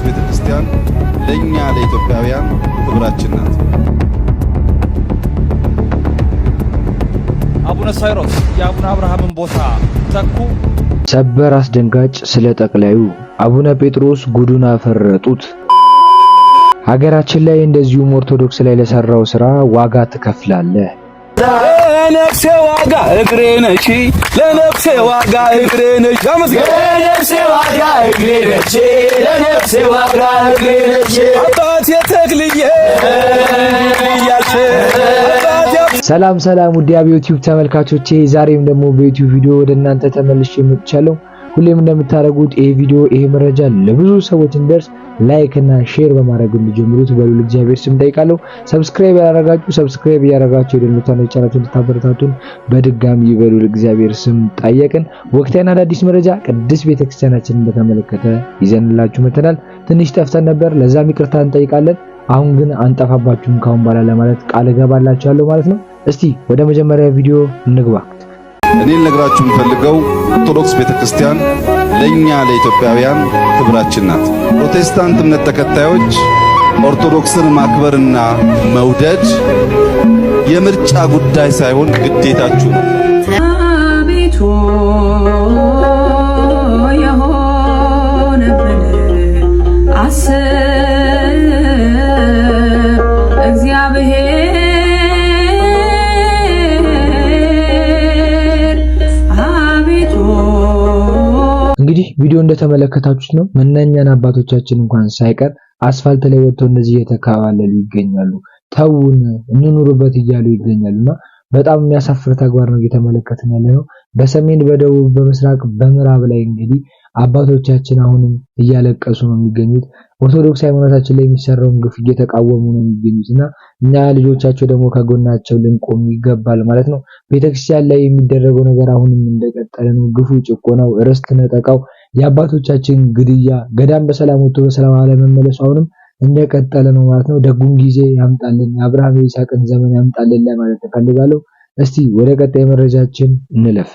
ቅዱስ ቤተ ክርስቲያን ለእኛ ለኢትዮጵያውያን ክብራችን ናት። አቡነ ሳይሮስ የአቡነ አብርሃምን ቦታ ተኩ። ሰበር አስደንጋጭ ስለ ጠቅላዩ አቡነ ጴጥሮስ ጉዱን አፈረጡት። ሀገራችን ላይ እንደዚሁም ኦርቶዶክስ ላይ ለሰራው ስራ ዋጋ ትከፍላለህ። ለነፍሴ ዋጋ እግሬ ነሽ ለነፍሴ ዋጋ እግሬ ነሽ ሰላም ሰላም፣ ውድ የአብ ተመልካቾቼ ዛሬም ደግሞ በዩቲዩብ ቪዲዮ ወደ እናንተ ተመልሼ መጥቻለሁ። ሁሌም እንደምታደርጉት ይሄ ቪዲዮ ይሄ መረጃ ለብዙ ሰዎች እንደርስ ላይክ እና ሼር በማድረግ እንዲጀምሩት በሉል እግዚአብሔር ስም ጠይቃለሁ። ሰብስክራይብ ያላረጋችሁ ሰብስክራይብ እያረጋችሁ የደልምታነ ቻናል እንድታበረታቱን በድጋሚ በሉል እግዚአብሔር ስም ጠየቅን። ወቅታዊና አዳዲስ መረጃ ቅድስት ቤተክርስቲያናችንን በተመለከተ ይዘንላችሁ መተናል። ትንሽ ጠፍተን ነበር፣ ለዛም ይቅርታ እንጠይቃለን። አሁን ግን አንጠፋባችሁም ካሁን በኋላ ለማለት ቃል እገባላችኋለሁ ማለት ነው። እስቲ ወደ መጀመሪያ ቪዲዮ እንግባ። እኔ ልነግራችሁ የምፈልገው ኦርቶዶክስ ቤተክርስቲያን ለኛ ለኢትዮጵያውያን ክብራችን ናት። ፕሮቴስታንት እምነት ተከታዮች ኦርቶዶክስን ማክበርና መውደድ የምርጫ ጉዳይ ሳይሆን ግዴታችሁ ነው። አስብ እግዚአብሔር እንግዲህ ቪዲዮ እንደተመለከታችሁት ነው። መናኛን አባቶቻችን እንኳን ሳይቀር አስፋልት ላይ ወጥተው እንደዚህ እየተካባለሉ ይገኛሉ። ተውን እንኑርበት እያሉ ይገኛሉና በጣም የሚያሳፍር ተግባር ነው እየተመለከትን ያለ ነው። በሰሜን በደቡብ በምስራቅ በምዕራብ ላይ እንግዲህ አባቶቻችን አሁንም እያለቀሱ ነው የሚገኙት። ኦርቶዶክስ ሃይማኖታችን ላይ የሚሰራውን ግፍ እየተቃወሙ ነው የሚገኙት እና እኛ ልጆቻቸው ደግሞ ከጎናቸው ልንቆም ይገባል ማለት ነው። ቤተክርስቲያን ላይ የሚደረገው ነገር አሁንም እንደቀጠለ ነው። ግፉ፣ ጭቆናው፣ ርስት ነጠቃው፣ የአባቶቻችን ግድያ፣ ገዳም በሰላም ወጥቶ በሰላም አለመመለሱ አሁንም እንደቀጠለ ነው ማለት ነው። ደጉን ጊዜ ያምጣልን፣ የአብርሃም የይስሐቅን ዘመን ያምጣልን ለማለት እፈልጋለሁ። እስቲ ወደ ቀጣይ መረጃችን እንለፍ።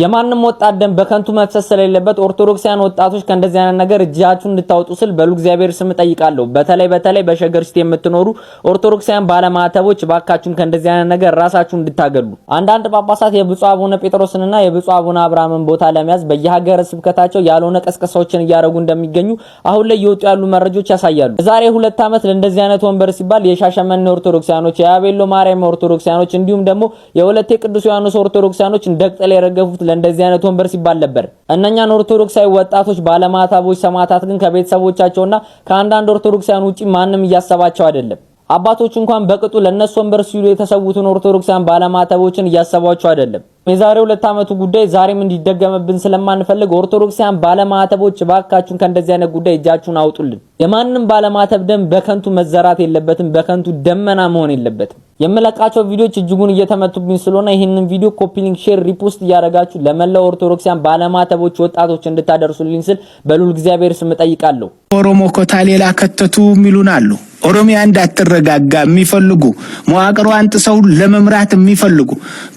የማንም ወጣት ደም በከንቱ መፍሰስ ስለሌለበት ኦርቶዶክሳውያን ወጣቶች ከእንደዚህ አይነት ነገር እጃችሁን እንድታወጡ ስል በሉ እግዚአብሔር ስም እጠይቃለሁ። በተለይ በተለይ በሸገር ሲቲ የምትኖሩ ኦርቶዶክሳውያን ባለማተቦች ባካችሁን ከእንደዚህ አይነት ነገር ራሳችሁን እንድታገሉ። አንዳንድ ጳጳሳት የብፁዕ አቡነ ጴጥሮስንና የብፁዕ አቡነ አብርሃምን ቦታ ለመያዝ በየሀገረ ስብከታቸው ያልሆነ ቀስቀሳዎችን እያደረጉ እንደሚገኙ አሁን ላይ እየወጡ ያሉ መረጃዎች ያሳያሉ። ዛሬ ሁለት ዓመት ለእንደዚህ አይነት ወንበር ሲባል የሻሸመኔ ኦርቶዶክሳውያኖች፣ የአቤሎ ማርያም ኦርቶዶክሳውያኖች እንዲሁም ደግሞ የሁለቴ ቅዱስ ዮሐንስ ኦርቶዶክሳውያኖች እንደቅጠል ቅጠል የሚያስቡት ለእንደዚህ አይነት ወንበር ሲባል ነበር። እነኛን ኦርቶዶክሳዊ ወጣቶች ባለማዕተቦች ሰማዕታት ግን ከቤተሰቦቻቸውና ከአንዳንድ ኦርቶዶክሳውያን ውጪ ማንም እያሰባቸው አይደለም። አባቶች እንኳን በቅጡ ለእነሱ ወንበር ሲሉ የተሰዉትን ኦርቶዶክሳውያን ባለማተቦችን እያሰቧቸው አይደለም። የዛሬ ሁለት ዓመቱ ጉዳይ ዛሬም እንዲደገምብን ስለማንፈልግ ኦርቶዶክሳውያን ባለማተቦች እባካችሁን ከእንደዚህ አይነት ጉዳይ እጃችሁን አውጡልን። የማንም ባለማተብ ደም በከንቱ መዘራት የለበትም፣ በከንቱ ደመና መሆን የለበትም። የምለቃቸው ቪዲዮዎች እጅጉን እየተመቱብኝ ስለሆነ ይህንን ቪዲዮ ኮፒ ሊንክ፣ ሼር፣ ሪፖስት እያደረጋችሁ ለመላው ኦርቶዶክሲያን ባለማተቦች፣ ወጣቶች እንድታደርሱልኝ ስል በሉል እግዚአብሔር ስም እጠይቃለሁ። ኦሮሞ ኮታ ሌላ ከተቱ የሚሉን አሉ። ኦሮሚያ እንዳትረጋጋ የሚፈልጉ መዋቅሯን ጥሰው ለመምራት የሚፈልጉ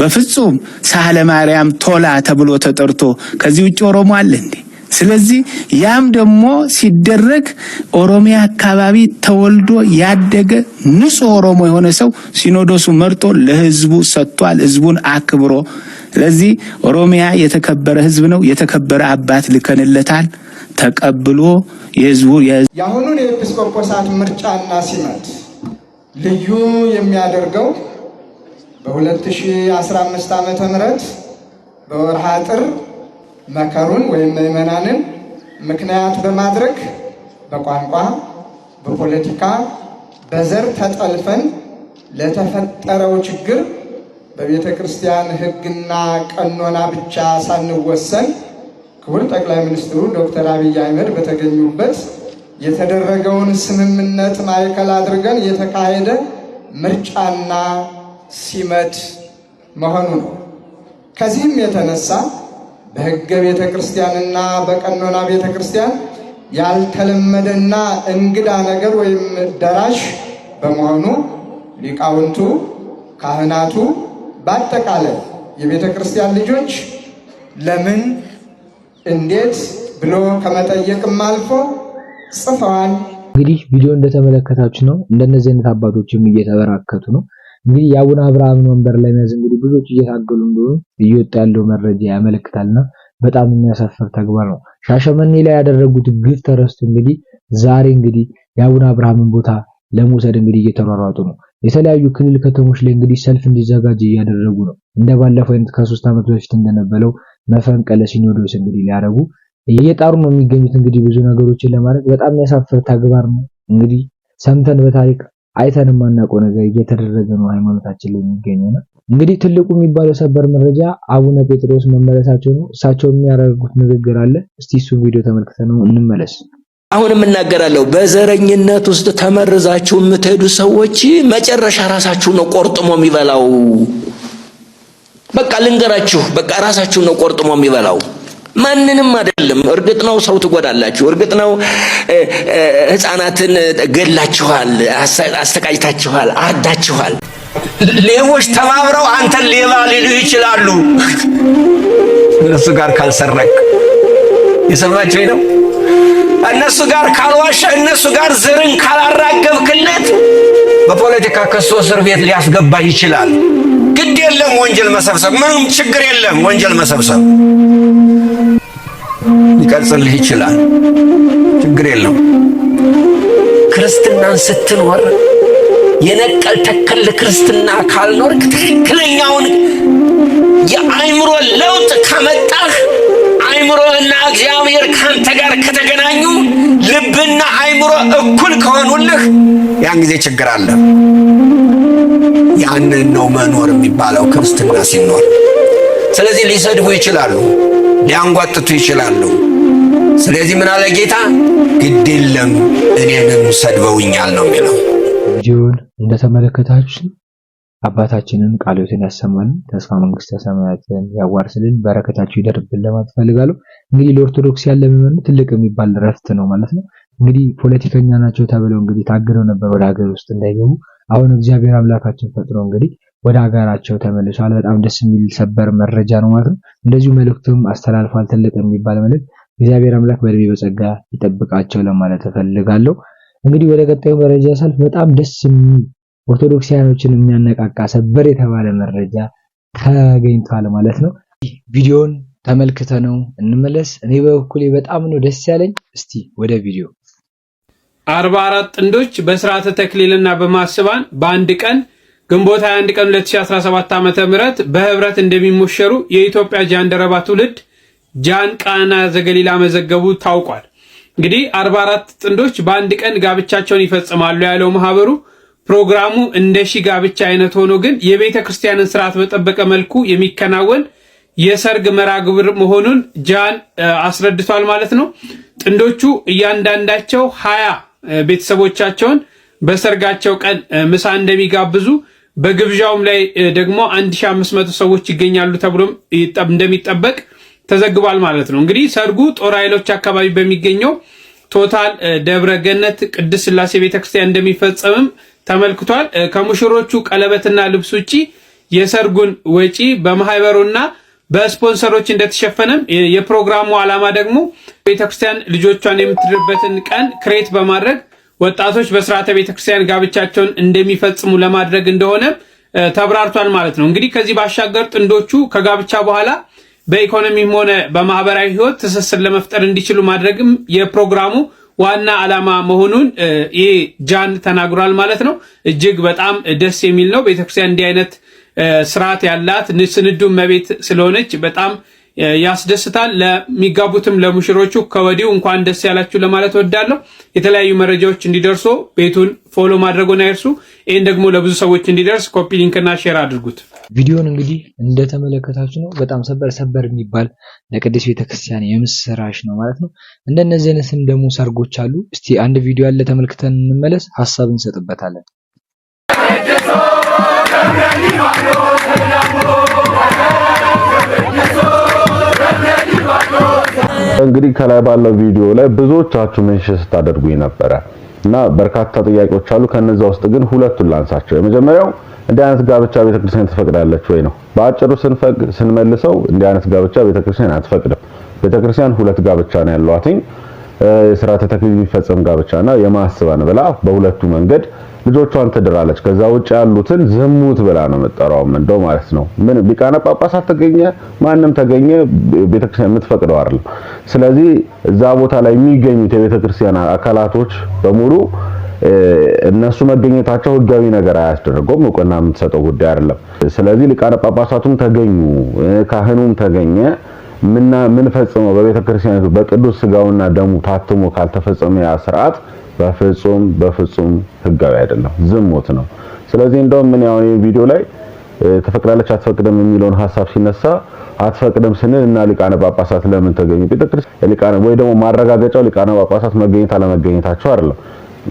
በፍጹም ሳህለ ማርያም ቶላ ተብሎ ተጠርቶ ከዚህ ውጭ ኦሮሞ አለ እንዴ? ስለዚህ ያም ደግሞ ሲደረግ ኦሮሚያ አካባቢ ተወልዶ ያደገ ንጹህ ኦሮሞ የሆነ ሰው ሲኖዶሱ መርጦ ለህዝቡ ሰጥቷል። ህዝቡን አክብሮ ስለዚህ ኦሮሚያ የተከበረ ህዝብ ነው። የተከበረ አባት ልከንለታል። ተቀብሎ የህዝቡ የአሁኑን የኤጲስቆጶሳት ምርጫና ሲመት ልዩ የሚያደርገው በ2015 ዓ ም በወርሃ ጥር መከሩን ወይም ምዕመናንን ምክንያት በማድረግ በቋንቋ፣ በፖለቲካ፣ በዘር ተጠልፈን ለተፈጠረው ችግር በቤተ ክርስቲያን ሕግና ቀኖና ብቻ ሳንወሰን ክቡር ጠቅላይ ሚኒስትሩ ዶክተር አብይ አህመድ በተገኙበት የተደረገውን ስምምነት ማዕከል አድርገን የተካሄደ ምርጫና ሲመት መሆኑ ነው። ከዚህም የተነሳ በሕገ ቤተ ክርስቲያንና በቀኖና ቤተ ክርስቲያን ያልተለመደና እንግዳ ነገር ወይም ደራሽ በመሆኑ ሊቃውንቱ፣ ካህናቱ፣ በአጠቃላይ የቤተ ክርስቲያን ልጆች ለምን እንዴት ብሎ ከመጠየቅም አልፎ ጽፈዋል። እንግዲህ ቪዲዮ እንደተመለከታችሁ ነው። እንደነዚህ አይነት አባቶችም እየተበራከቱ ነው። እንግዲህ የአቡነ አብርሃም ወንበር ላይ መያዝ እንግዲህ ብዙዎች እየታገሉ እንደሆኑ እየወጣ ያለው መረጃ ያመለክታልና በጣም የሚያሳፍር ተግባር ነው። ሻሸመኔ ላይ ያደረጉት ግፍ ተረስቶ እንግዲህ ዛሬ እንግዲህ የአቡነ አብርሃምን ቦታ ለመውሰድ እንግዲህ እየተሯሯጡ ነው። የተለያዩ ክልል ከተሞች ላይ እንግዲህ ሰልፍ እንዲዘጋጅ እያደረጉ ነው። እንደባለፈው አይነት ከሶስት ዓመት በፊት እንደነበረው መፈንቀለ ሲኖዶስ እንግዲህ ሊያደርጉ እየጣሩ ነው የሚገኙት። እንግዲህ ብዙ ነገሮችን ለማድረግ በጣም የሚያሳፍር ተግባር ነው። እንግዲህ ሰምተን በታሪክ አይተን የማናውቀው ነገር እየተደረገ ነው ሃይማኖታችን ላይ የሚገኘው። እንግዲህ ትልቁ የሚባለው ሰበር መረጃ አቡነ ጴጥሮስ መመለሳቸው ነው። እሳቸው የሚያደርጉት ንግግር አለ። እስቲ እሱን ቪዲዮ ተመልክተ ነው እንመለስ። አሁንም እናገራለሁ። በዘረኝነት ውስጥ ተመርዛችሁ የምትሄዱ ሰዎች መጨረሻ ራሳችሁ ነው ቆርጥሞ የሚበላው። በቃ ልንገራችሁ፣ በቃ ራሳችሁ ነው ቆርጥሞ የሚበላው። ማንንም አይደለም። እርግጥ ነው ሰው ትጎዳላችሁ። እርግጥ ነው ህፃናትን ገላችኋል፣ አስተቃይታችኋል፣ አዳችኋል። ሌቦች ተባብረው አንተን ሌባ ሊሉ ይችላሉ። እነሱ ጋር ካልሰረቅ የሰማቸው ነው። እነሱ ጋር ካልዋሸ፣ እነሱ ጋር ዝርን ካላራገብክለት በፖለቲካ ከሶ እስር ቤት ሊያስገባ ይችላል። ግድ የለም ወንጀል መሰብሰብ፣ ምንም ችግር የለም ወንጀል መሰብሰብ ሊቀርጽልህ ይችላል። ችግር የለም። ክርስትናን ስትኖር የነቀል ተከል ክርስትና ካልኖርክ ትክክለኛውን የአይምሮ ለውጥ ከመጣህ አይምሮና እግዚአብሔር ካንተ ጋር ከተገናኙ ልብና አይምሮ እኩል ከሆኑልህ ያን ጊዜ ችግር አለ። ያንን ነው መኖር የሚባለው ክርስትና ሲኖር። ስለዚህ ሊሰድቡ ይችላሉ፣ ሊያንጓጥቱ ይችላሉ። ስለዚህ ምን አለ ጌታ? ግድ የለም እኔንም ሰድበውኛል ነው የሚለው። ቪዲዮውን እንደተመለከታችሁ አባታችንን ቃልዮትን ያሰማን ተስፋ መንግስተ ሰማያትን ያዋርስልን በረከታችሁ ይደርብን ለማለት እፈልጋለሁ። እንግዲህ ለኦርቶዶክስ ያለ ምዕመኑ ትልቅ የሚባል ረፍት ነው ማለት ነው። እንግዲህ ፖለቲከኛ ናቸው ተብለው እንግዲህ ታግደው ነበር ወደ ሀገር ውስጥ እንዳይገቡ። አሁን እግዚአብሔር አምላካችን ፈጥሮ እንግዲህ ወደ ሀገራቸው ተመልሷል። በጣም ደስ የሚል ሰበር መረጃ ነው ማለት ነው። እንደዚሁ መልእክቱም አስተላልፏል። ትልቅ የሚባል መልእክት እግዚአብሔር አምላክ በእድሜ በጸጋ ይጠብቃቸው ለማለት እፈልጋለሁ። እንግዲህ ወደ ቀጣዩ መረጃ ሳልፍ በጣም ደስ የሚል ኦርቶዶክሳውያኖችን የሚያነቃቃ ሰበር የተባለ መረጃ ተገኝቷል ማለት ነው። ቪዲዮን ተመልክተ ነው እንመለስ። እኔ በበኩሌ በጣም ነው ደስ ያለኝ። እስቲ ወደ ቪዲዮ አርባ አራት ጥንዶች በስርዓተ ተክሊልና በማስባን በአንድ ቀን ግንቦት 21 ቀን 2017 ዓ ም በህብረት እንደሚሞሸሩ የኢትዮጵያ ጃንደረባ ትውልድ ጃን ቃና ዘገሊላ መዘገቡ ታውቋል። እንግዲህ 44 ጥንዶች በአንድ ቀን ጋብቻቸውን ይፈጽማሉ ያለው ማህበሩ ፕሮግራሙ እንደ ሺ ጋብቻ አይነት ሆኖ ግን የቤተ ክርስቲያንን ስርዓት በጠበቀ መልኩ የሚከናወን የሰርግ መርሃ ግብር መሆኑን ጃን አስረድቷል ማለት ነው። ጥንዶቹ እያንዳንዳቸው ሀያ ቤተሰቦቻቸውን በሰርጋቸው ቀን ምሳ እንደሚጋብዙ በግብዣውም ላይ ደግሞ 1500 ሰዎች ይገኛሉ ተብሎም እንደሚጠበቅ ተዘግቧል ማለት ነው። እንግዲህ ሰርጉ ጦር ኃይሎች አካባቢ በሚገኘው ቶታል ደብረ ገነት ቅድስት ስላሴ ቤተክርስቲያን እንደሚፈጸምም ተመልክቷል። ከሙሽሮቹ ቀለበትና ልብስ ውጪ የሰርጉን ወጪ በማህበሩና በስፖንሰሮች እንደተሸፈነም የፕሮግራሙ ዓላማ ደግሞ ቤተክርስቲያን ልጆቿን የምትድርበትን ቀን ክሬት በማድረግ ወጣቶች በስርዓተ ቤተክርስቲያን ጋብቻቸውን እንደሚፈጽሙ ለማድረግ እንደሆነ ተብራርቷል ማለት ነው። እንግዲህ ከዚህ ባሻገር ጥንዶቹ ከጋብቻ በኋላ በኢኮኖሚም ሆነ በማህበራዊ ህይወት ትስስር ለመፍጠር እንዲችሉ ማድረግም የፕሮግራሙ ዋና ዓላማ መሆኑን ይህ ጃን ተናግሯል ማለት ነው። እጅግ በጣም ደስ የሚል ነው። ቤተክርስቲያን እንዲህ አይነት ስርዓት ያላት ስንዱ እመቤት ስለሆነች በጣም ያስደስታል። ለሚጋቡትም ለሙሽሮቹ ከወዲሁ እንኳን ደስ ያላችሁ ለማለት ወዳለሁ። የተለያዩ መረጃዎች እንዲደርሱ ቤቱን ፎሎ ማድረጉን አይርሱ። ይህን ደግሞ ለብዙ ሰዎች እንዲደርስ ኮፒ ሊንክና ሼር አድርጉት። ቪዲዮን እንግዲህ እንደተመለከታችሁ ነው። በጣም ሰበር ሰበር የሚባል ለቅድስት ቤተክርስቲያን የምስራሽ ነው ማለት ነው። እንደነዚህ አይነትም ደግሞ ሰርጎች አሉ። እስቲ አንድ ቪዲዮ ያለ ተመልክተን እንመለስ፣ ሀሳብ እንሰጥበታለን። እንግዲህ ከላይ ባለው ቪዲዮ ላይ ብዙዎቻችሁ ሜንሽን ስታደርጉኝ ነበረ እና በርካታ ጥያቄዎች አሉ። ከነዛ ውስጥ ግን ሁለቱን ላንሳቸው። የመጀመሪያው እንዲህ አይነት ጋብቻ ቤተክርስቲያን ትፈቅዳለች ወይ ነው። በአጭሩ ስንመልሰው እንዲህ አይነት ጋብቻ ቤተክርስቲያን አትፈቅድም። ቤተክርስቲያን ሁለት ጋብቻ ነው ያሏትኝ፣ የሥርዓተ ተክሊል የሚፈጸም ጋብቻና የማስበን ብላ በሁለቱ መንገድ ልጆቿን ትድራለች። ከዛ ውጭ ያሉትን ዝሙት ብላ ነው የምጠራውም እንደው ማለት ነው። ምን ሊቃነ ጳጳሳት ተገኘ፣ ማንም ተገኘ፣ ቤተክርስቲያን የምትፈቅደው አይደለም። ስለዚህ እዛ ቦታ ላይ የሚገኙት የቤተክርስቲያን አካላቶች በሙሉ እነሱ መገኘታቸው ህጋዊ ነገር አያስደርገውም፣ እውቅና የምትሰጠው ጉዳይ አይደለም። ስለዚህ ሊቃነ ጳጳሳቱም ተገኙ፣ ካህኑም ተገኘ ምንፈጽመው በቤተ ክርስቲያኒቱ በቅዱስ ስጋውና ደሙ ታትሞ ካልተፈጸመ ያ ስርዓት በፍጹም በፍጹም ህጋዊ አይደለም፣ ዝሙት ነው። ስለዚህ እንደውም ምን ያው ቪዲዮ ላይ ትፈቅዳለች አትፈቅድም የሚለውን ሀሳብ ሲነሳ አትፈቅድም ስንል እና ሊቃነ ጳጳሳት ለምን ተገኙ? ቤተ ክርስቲያን ሊቃነ ወይ ደግሞ ማረጋገጫው ሊቃነ ጳጳሳት መገኘት አለመገኘታቸው አይደለም።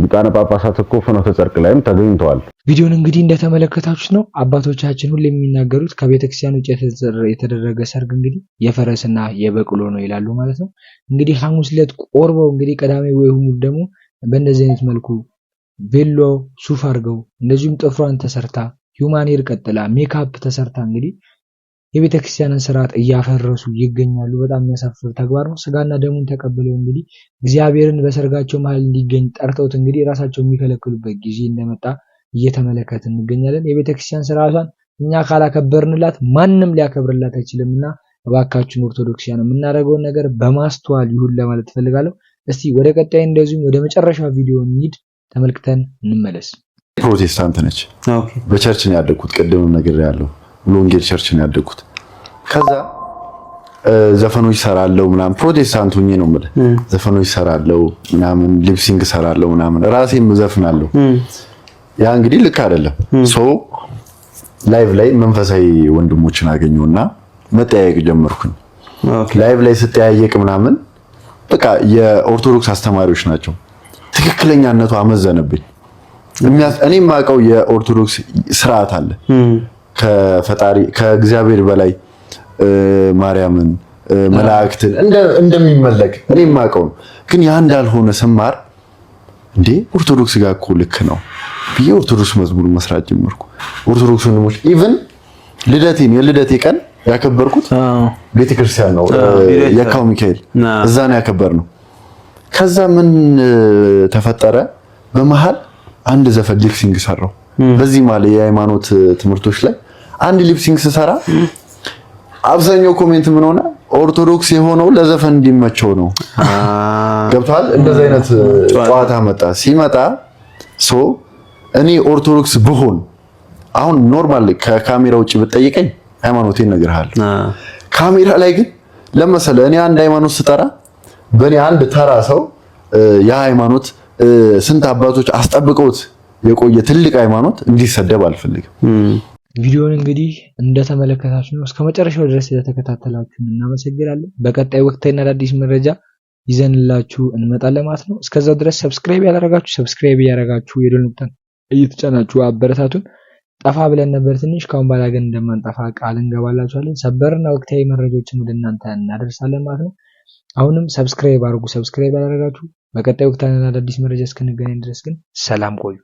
ሊቃነ ጳጳሳት እኮ ፍኖተ ጽድቅ ላይም ተገኝተዋል። ቪዲዮን እንግዲህ እንደተመለከታችሁት ነው አባቶቻችን ሁሉ የሚናገሩት ከቤተክርስቲያን ውጭ የተደረገ ሰርግ እንግዲህ የፈረስና የበቅሎ ነው ይላሉ ማለት ነው። እንግዲህ ሐሙስ ዕለት ቆርበው እንግዲህ ቅዳሜ ወይ እሑድ ደግሞ በእንደዚህ አይነት መልኩ ቬሎ ሱፍ አድርገው እንደዚሁም ጥፍሯን ተሰርታ ሂውማን ሄር ቀጥላ ሜካፕ ተሰርታ እንግዲህ የቤተክርስቲያንን ስርዓት እያፈረሱ ይገኛሉ። በጣም የሚያሳፍር ተግባር ነው። ስጋና ደሙን ተቀብለው እንግዲህ እግዚአብሔርን በሰርጋቸው መሀል እንዲገኝ ጠርተውት እንግዲህ ራሳቸው የሚከለክሉበት ጊዜ እንደመጣ እየተመለከት እንገኛለን። የቤተክርስቲያን ስርዓቷን እኛ ካላከበርንላት ማንም ሊያከብርላት አይችልም እና እባካችን ኦርቶዶክሲያን የምናደርገውን ነገር በማስተዋል ይሁን ለማለት እፈልጋለሁ። እስቲ ወደ ቀጣይ እንደዚሁም ወደ መጨረሻ ቪዲዮ እንሂድ፣ ተመልክተን እንመለስ። ፕሮቴስታንት ነች። በቸርች ነው ያደግኩት። ቅድምም ነገር ያለው ሎንጌል ቸርች ነው ያደግኩት። ከዛ ዘፈኖች ሰራለው ምናምን ፕሮቴስታንት ሆኜ ነው የምልህ። ዘፈኖች ሰራለው ምናምን ሊፕሲንግ ሰራለው ምናምን ራሴም ዘፍናለው ያ እንግዲህ ልክ አይደለም። ሶ ላይቭ ላይ መንፈሳዊ ወንድሞችን አገኘውና መጠያየቅ ጀመርኩኝ። ላይቭ ላይ ስጠያየቅ ምናምን በቃ የኦርቶዶክስ አስተማሪዎች ናቸው። ትክክለኛነቱ አመዘነብኝ። እኔ የማውቀው የኦርቶዶክስ ስርዓት አለ ከፈጣሪ ከእግዚአብሔር በላይ ማርያምን መላእክትን እንደሚመለክ እኔ የማውቀው ግን ያ እንዳልሆነ ስማር እንዴ ኦርቶዶክስ ጋር እኮ ልክ ነው ብዬ ኦርቶዶክስ መዝሙር መስራት ጀመርኩ። ኦርቶዶክስ ወንድሞች ኢቭን ልደቴን የልደቴ ቀን ያከበርኩት ቤተክርስቲያን ነው፣ የካው ሚካኤል እዛ ነው ያከበር ነው። ከዛ ምን ተፈጠረ? በመሃል አንድ ዘፈን ሊፕሲንግ ሰራው። በዚህ ማለ የሃይማኖት ትምህርቶች ላይ አንድ ሊፕሲንግ ስሰራ አብዛኛው ኮሜንት ምን ሆነ፣ ኦርቶዶክስ የሆነው ለዘፈን እንዲመቸው ነው። ገብቷል። እንደዚህ አይነት ጨዋታ መጣ። ሲመጣ ሶ እኔ ኦርቶዶክስ ብሆን አሁን ኖርማል ከካሜራ ውጭ ብጠይቀኝ ሃይማኖቴን እነግርሃለሁ። ካሜራ ላይ ግን ለመሰለ እኔ አንድ ሃይማኖት ስጠራ በእኔ አንድ ተራ ሰው ያ ስንት አባቶች አስጠብቀውት የቆየ ትልቅ ሃይማኖት እንዲሰደብ አልፈልግም። ቪዲዮውን እንግዲህ እንደተመለከታችሁ ነው እስከ መጨረሻው ድረስ ስለተከታተላችሁን እናመሰግናለን። በቀጣይ ወቅታዊና አዳዲስ መረጃ ይዘንላችሁ እንመጣለን ማለት ነው። እስከዛ ድረስ ሰብስክራይብ ያላረጋችሁ ሰብስክራይብ እያረጋችሁ የደወል ምልክቱን እየተጫናችሁ አበረታቱን። ጠፋ ብለን ነበር ትንሽ፣ ካሁን በኋላ ግን እንደማንጠፋ ቃል እንገባላችኋለን። ሰበርና ወቅታዊ መረጃዎችን ወደ እናንተ እናደርሳለን ማለት ነው። አሁንም ሰብስክራይብ አድርጉ፣ ሰብስክራይብ ያደረጋችሁ በቀጣይ ወቅታዊና አዳዲስ መረጃ እስክንገናኝ ድረስ ግን ሰላም ቆዩ።